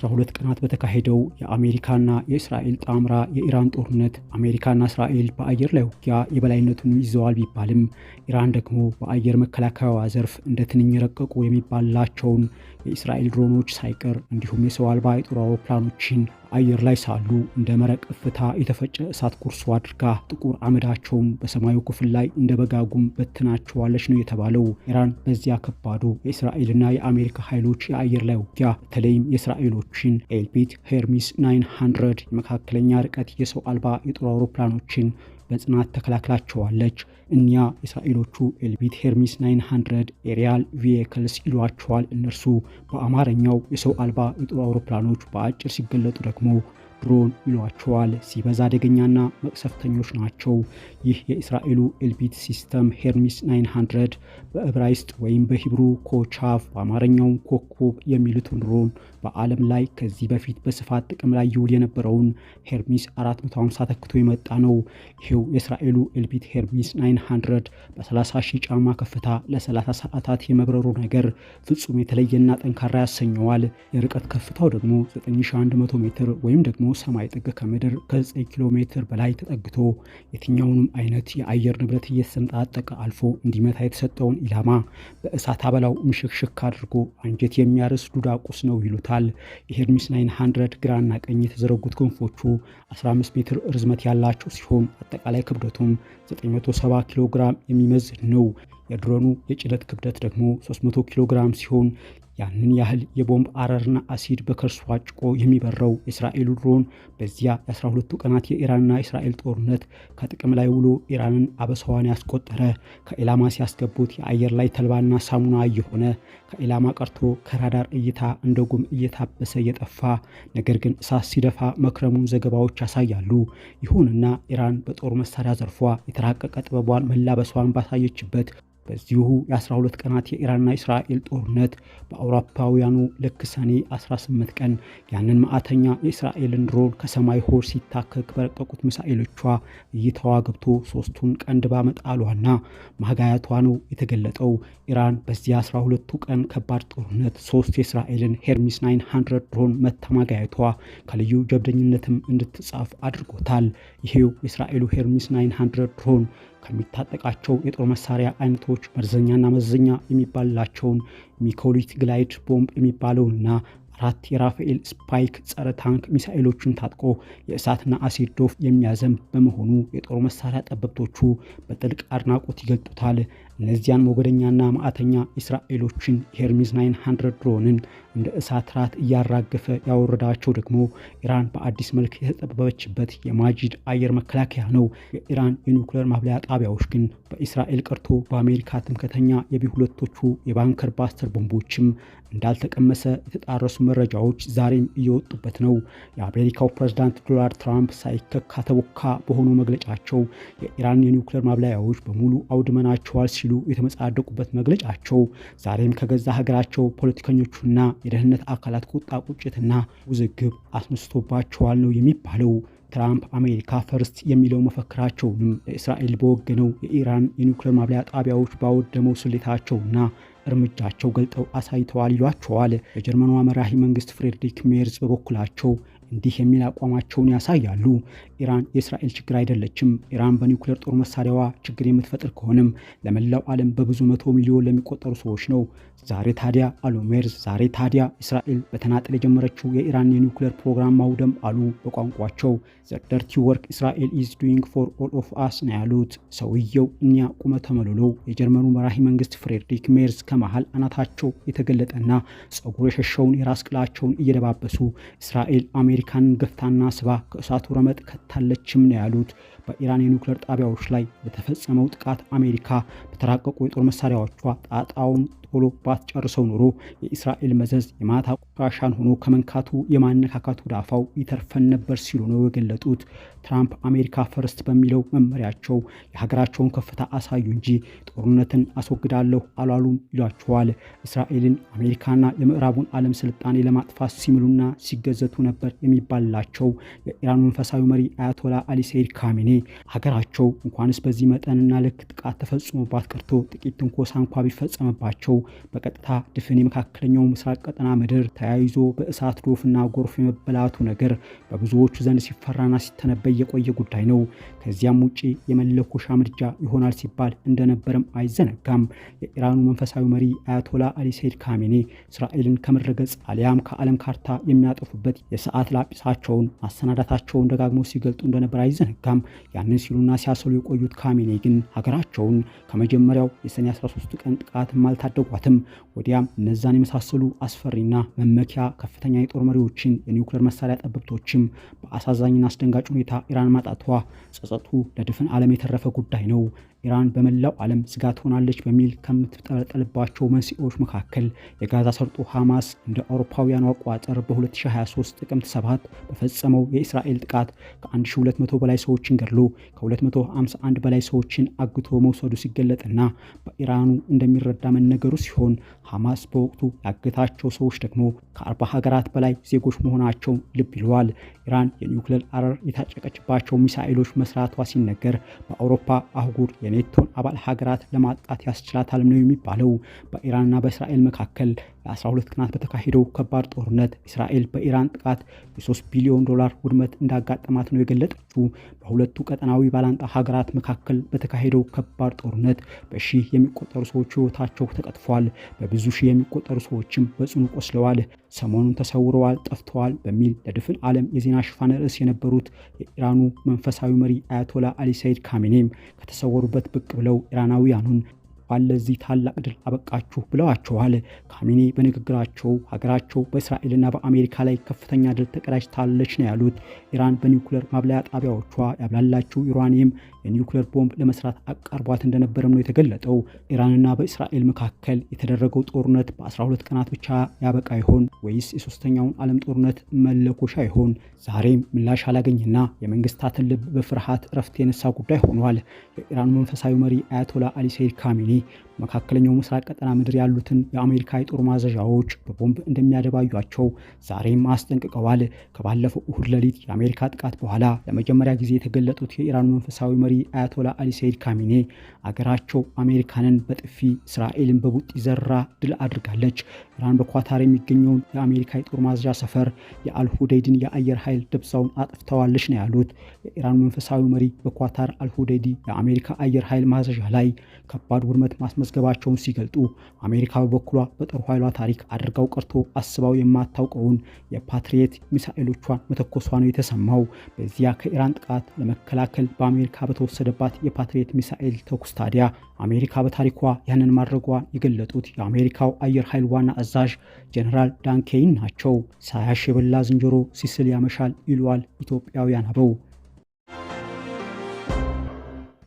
12 ቀናት በተካሄደው የአሜሪካና የእስራኤል ጣምራ የኢራን ጦርነት አሜሪካና እስራኤል በአየር ላይ ውጊያ የበላይነቱን ይዘዋል ቢባልም ኢራን ደግሞ በአየር መከላከያዋ ዘርፍ እንደ ትንኝ ረቀቁ የሚባልላቸውን የእስራኤል ድሮኖች ሳይቀር እንዲሁም የሰው አልባ የጦር አውሮፕላኖችን አየር ላይ ሳሉ እንደ መረቅ እፍታ የተፈጨ እሳት ኩርሶ አድርጋ ጥቁር አመዳቸውም በሰማዩ ክፍል ላይ እንደ በጋጉም በትናቸዋለች ነው የተባለው። ኢራን በዚያ ከባዱ የእስራኤልና የአሜሪካ ኃይሎች የአየር ላይ ውጊያ በተለይም የእስራኤሎችን ኤልቢት ሄርሚስ 900 የመካከለኛ ርቀት የሰው አልባ የጦር አውሮፕላኖችን በጽናት ተከላክላቸዋለች። እኛ እስራኤሎቹ ኤልቢት ሄርሚስ 900 ኤሪያል ቪየክልስ ይሏቸዋል እነርሱ በአማርኛው የሰው አልባ የጦር አውሮፕላኖች በአጭር ሲገለጡ ደግሞ ድሮን ይሏቸዋል። ሲበዛ አደገኛና መቅሰፍተኞች ናቸው። ይህ የእስራኤሉ ኤልቢት ሲስተም ሄርሚስ 900 በዕብራይስጥ ወይም በሂብሩ ኮቻቭ በአማርኛውም ኮከብ የሚሉትን ድሮን በዓለም ላይ ከዚህ በፊት በስፋት ጥቅም ላይ ይውል የነበረውን ሄርሚስ 450 ተክቶ የመጣ ነው። ይሄው የእስራኤሉ ኤልቢት ሄርሚስ 900 በ30 ሺህ ጫማ ከፍታ ለ30 ሰዓታት የመብረሩ ነገር ፍጹም የተለየና ጠንካራ ያሰኘዋል። የርቀት ከፍታው ደግሞ 9100 ሜትር ወይም ደግሞ ሰማይ ጥግ ከምድር ከ9 ኪሎ ሜትር በላይ ተጠግቶ የትኛውንም አይነት የአየር ንብረት እየተሰነጣጠቀ አልፎ እንዲመታ የተሰጠውን ኢላማ በእሳት አበላው ምሽክሽክ አድርጎ አንጀት የሚያርስ ዱዳ ቁስ ነው ይሉታል። የሄርሚስ 900 ግራና ቀኝ የተዘረጉት ክንፎቹ 15 ሜትር ርዝመት ያላቸው ሲሆን አጠቃላይ ክብደቱም 970 ኪሎ ግራም የሚመዝን ነው። የድሮኑ የጭነት ክብደት ደግሞ 300 ኪሎ ግራም ሲሆን ያንን ያህል የቦምብ አረርና አሲድ በከርሱ አጭቆ የሚበረው የእስራኤሉ ድሮን በዚያ የ12ቱ ቀናት የኢራንና የእስራኤል ጦርነት ከጥቅም ላይ ውሎ ኢራንን አበሳዋን ያስቆጠረ ከኢላማ ሲያስገቡት የአየር ላይ ተልባና ሳሙና እየሆነ ከኢላማ ቀርቶ ከራዳር እይታ እንደ ጉም እየታበሰ እየጠፋ ነገር ግን እሳት ሲደፋ መክረሙን ዘገባዎች ያሳያሉ። ይሁንና ኢራን በጦር መሳሪያ ዘርፏ የተራቀቀ ጥበቧን መላበሷን ባሳየችበት በዚሁ የ12 ቀናት የኢራንና እስራኤል ጦርነት በአውሮፓውያኑ ልክ ሰኔ 18 ቀን ያንን ማዕተኛ የእስራኤልን ድሮን ከሰማይ ሆር ሲታከክ በረቀቁት ሚሳኤሎቿ እይታዋ ገብቶ ሶስቱን ቀንድ ባመጣሏና ማጋያቷ ነው የተገለጠው። ኢራን በዚህ 12ቱ ቀን ከባድ ጦርነት ሶስት የእስራኤልን ሄርሚስ 900 ድሮን ማጋየቷ ከልዩ ጀብደኝነትም እንድትጻፍ አድርጎታል። ይሄው የእስራኤሉ ሄርሚስ 900 ድሮን ከሚታጠቃቸው የጦር መሳሪያ አይነቶች መርዘኛና መዘኛ የሚባልላቸውን ሚኮሊት ግላይድ ቦምብ የሚባለውና አራት የራፋኤል ስፓይክ ጸረ ታንክ ሚሳኤሎችን ታጥቆ የእሳትና አሲድ ዶፍ የሚያዘንብ በመሆኑ የጦር መሳሪያ ጠበብቶቹ በጥልቅ አድናቆት ይገልጡታል። እነዚያን ሞገደኛና ማዕተኛ እስራኤሎችን የሄርሚዝ 900 ድሮንን እንደ እሳት ራት እያራገፈ ያወረዳቸው ደግሞ ኢራን በአዲስ መልክ የተጠበበችበት የማጂድ አየር መከላከያ ነው። የኢራን የኒውክሌር ማብለያ ጣቢያዎች ግን በእስራኤል ቀርቶ በአሜሪካ ትምከተኛ የቢ ሁለቶቹ የባንከር ባስተር ቦምቦችም እንዳልተቀመሰ የተጣረሱ መረጃዎች ዛሬም እየወጡበት ነው። የአሜሪካው ፕሬዝዳንት ዶናልድ ትራምፕ ሳይተካ ተቦካ በሆኑ መግለጫቸው የኢራን የኒውክሌር ማብላያዎች በሙሉ አውድመናቸዋል ሲሉ የተመጻደቁበት መግለጫቸው ዛሬም ከገዛ ሀገራቸው ፖለቲከኞቹና የደህንነት አካላት ቁጣ፣ ቁጭትና ውዝግብ አስነስቶባቸዋል ነው የሚባለው። ትራምፕ አሜሪካ ፈርስት የሚለው መፈክራቸውንም ለእስራኤል በወገነው የኢራን የኒውክሌር ማብለያ ጣቢያዎች ባወደመው ስሌታቸውና እርምጃቸው ገልጠው አሳይተዋል ይሏቸዋል። የጀርመኗ መራሂ መንግስት ፍሬድሪክ ሜርዝ በበኩላቸው እንዲህ የሚል አቋማቸውን ያሳያሉ። ኢራን የእስራኤል ችግር አይደለችም። ኢራን በኒውክሌር ጦር መሳሪያዋ ችግር የምትፈጥር ከሆነም ለመላው ዓለም በብዙ መቶ ሚሊዮን ለሚቆጠሩ ሰዎች ነው። ዛሬ ታዲያ አሉ ሜርዝ፣ ዛሬ ታዲያ እስራኤል በተናጠል የጀመረችው የኢራን የኒውክሌር ፕሮግራም ማውደም አሉ በቋንቋቸው ዘደርቲ ወርክ እስራኤል ኢዝ ዱዊንግ ፎር ኦል ኦፍ አስ ነው ያሉት ሰውየው። እኒያ ቁመ ተመልሎ የጀርመኑ መራሂ መንግስት ፍሬድሪክ ሜርዝ ከመሃል አናታቸው የተገለጠና ጸጉር የሸሸውን የራስ ቅላቸውን እየደባበሱ እስራኤል አሜሪካንን ገፍታና ስባ ከእሳቱ ረመጥ ታለችም ነው ያሉት። በኢራን የኒውክሌር ጣቢያዎች ላይ በተፈጸመው ጥቃት አሜሪካ በተራቀቁ የጦር መሳሪያዎቿ ጣጣውን ቶሎ ባትጨርሰው ኖሮ የእስራኤል መዘዝ የማታ ቆሻሻን ሆኖ ከመንካቱ የማነካካቱ ዳፋው ይተርፈን ነበር ሲሉ ነው የገለጡት። ትራምፕ አሜሪካ ፈርስት በሚለው መመሪያቸው የሀገራቸውን ከፍታ አሳዩ እንጂ ጦርነትን አስወግዳለሁ አላሉም ይሏቸዋል። እስራኤልን አሜሪካና የምዕራቡን ዓለም ስልጣኔ ለማጥፋት ሲምሉና ሲገዘቱ ነበር የሚባልላቸው የኢራን መንፈሳዊ መሪ አያቶላ አሊ ሰይድ ሀገራቸው እንኳንስ በዚህ መጠንና ልክ ጥቃት ተፈጽሞባት ቀርቶ ጥቂት ትንኮሳ እንኳ ቢፈጸምባቸው በቀጥታ ድፍን የመካከለኛው ምስራቅ ቀጠና ምድር ተያይዞ በእሳት ዶፍና ጎርፍ የመበላቱ ነገር በብዙዎቹ ዘንድ ሲፈራና ሲተነበይ የቆየ ጉዳይ ነው። ከዚያም ውጪ የመለኮሻ ምድጃ ይሆናል ሲባል እንደነበረም አይዘነጋም። የኢራኑ መንፈሳዊ መሪ አያቶላ አሊ ሰይድ ካሜኔ እስራኤልን ከምድረገጽ አሊያም ከዓለም ካርታ የሚያጠፉበት የሰዓት ላጲሳቸውን ማሰናዳታቸውን ደጋግሞ ሲገልጡ እንደነበር አይዘነጋም። ያንን ሲሉና ሲያሰሉ የቆዩት ካሜኔ ግን ሀገራቸውን ከመጀመሪያው የሰኔ 13 ቀን ጥቃትም አልታደጓትም። ወዲያም እነዛን የመሳሰሉ አስፈሪና መመኪያ ከፍተኛ የጦር መሪዎችን የኒውክሌር መሳሪያ ጠበብቶችም በአሳዛኝና አስደንጋጭ ሁኔታ ኢራን ማጣቷ ጸጸቱ ለድፍን ዓለም የተረፈ ጉዳይ ነው። ኢራን በመላው ዓለም ስጋት ሆናለች በሚል ከምትጠለጠልባቸው መንስኤዎች መካከል የጋዛ ሰርጦ ሐማስ እንደ አውሮፓውያኑ አቆጣጠር በ2023 ጥቅምት 7 በፈጸመው የእስራኤል ጥቃት ከ1200 በላይ ሰዎችን ገድሎ ከ251 በላይ ሰዎችን አግቶ መውሰዱ ሲገለጥና በኢራኑ እንደሚረዳ መነገሩ ሲሆን ሐማስ በወቅቱ ያገታቸው ሰዎች ደግሞ ከአርባ ሀገራት በላይ ዜጎች መሆናቸው ልብ ይለዋል። ኢራን የኒውክሌር አረር የታጨቀችባቸው ሚሳኤሎች መስራቷ ሲነገር በአውሮፓ አህጉር የኔ የኔቶን አባል ሀገራት ለማጣት ያስችላታል ነው የሚባለው። በኢራንና በእስራኤል መካከል በ 12 ቀናት በተካሄደው ከባድ ጦርነት እስራኤል በኢራን ጥቃት የ3 ቢሊዮን ዶላር ውድመት እንዳጋጠማት ነው የገለጠችው። በሁለቱ ቀጠናዊ ባላንጣ ሀገራት መካከል በተካሄደው ከባድ ጦርነት በሺህ የሚቆጠሩ ሰዎች ህይወታቸው ተቀጥፏል። በብዙ ሺህ የሚቆጠሩ ሰዎችም በጽኑ ቆስለዋል፣ ሰሞኑን ተሰውረዋል፣ ጠፍተዋል በሚል ለድፍን ዓለም የዜና ሽፋን ርዕስ የነበሩት የኢራኑ መንፈሳዊ መሪ አያቶላ አሊ ሰይድ ካሜኔም ከተሰወሩበት ብቅ ብለው ኢራናውያኑን እንኳን ለዚህ ታላቅ ድል አበቃችሁ ብለዋቸዋል። ካሚኔ በንግግራቸው ሀገራቸው በእስራኤልና በአሜሪካ ላይ ከፍተኛ ድል ተቀዳጅታለች ነው ያሉት። ኢራን በኒውክለር ማብላያ ጣቢያዎቿ ያብላላችው ዩራኒየም የኒውክለር ቦምብ ለመስራት አቃርቧት እንደነበረም ነው የተገለጠው። ኢራንና በእስራኤል መካከል የተደረገው ጦርነት በ12 ቀናት ብቻ ያበቃ ይሆን ወይስ የሶስተኛውን ዓለም ጦርነት መለኮሻ ይሆን? ዛሬም ምላሽ አላገኝና የመንግስታትን ልብ በፍርሃት እረፍት የነሳ ጉዳይ ሆኗል። የኢራኑ መንፈሳዊ መሪ አያቶላ አሊ ሰይድ ካሚኒ መካከለኛው ምስራቅ ቀጠና ምድር ያሉትን የአሜሪካ የጦር ማዘዣዎች በቦምብ እንደሚያደባዩቸው ዛሬም አስጠንቅቀዋል። ከባለፈው እሁድ ሌሊት የአሜሪካ ጥቃት በኋላ ለመጀመሪያ ጊዜ የተገለጡት የኢራን መንፈሳዊ መሪ አያቶላ አሊ ሰይድ ካሚኔ አገራቸው አሜሪካንን በጥፊ እስራኤልን በቡጢ ዘራ ድል አድርጋለች። ኢራን በኳታር የሚገኘውን የአሜሪካ የጦር ማዘዣ ሰፈር የአልሁዴይድን የአየር ኃይል ደብሳውን አጥፍተዋለች ነው ያሉት። የኢራን መንፈሳዊ መሪ በኳታር አልሁዴይዲ የአሜሪካ አየር ኃይል ማዘዣ ላይ ከባድ ውድመ ዓመት ማስመዝገባቸውን ሲገልጡ አሜሪካ በበኩሏ በጦር ኃይሏ ታሪክ አድርገው ቀርቶ አስባው የማታውቀውን የፓትሪየት ሚሳኤሎቿን መተኮሷ ነው የተሰማው። በዚያ ከኢራን ጥቃት ለመከላከል በአሜሪካ በተወሰደባት የፓትሪየት ሚሳኤል ተኩስ ታዲያ አሜሪካ በታሪኳ ያንን ማድረጓ የገለጡት የአሜሪካው አየር ኃይል ዋና አዛዥ ጀኔራል ዳንኬይን ናቸው። ሳያሽ የበላ ዝንጀሮ ሲስል ያመሻል ይሏል ኢትዮጵያውያን አበው።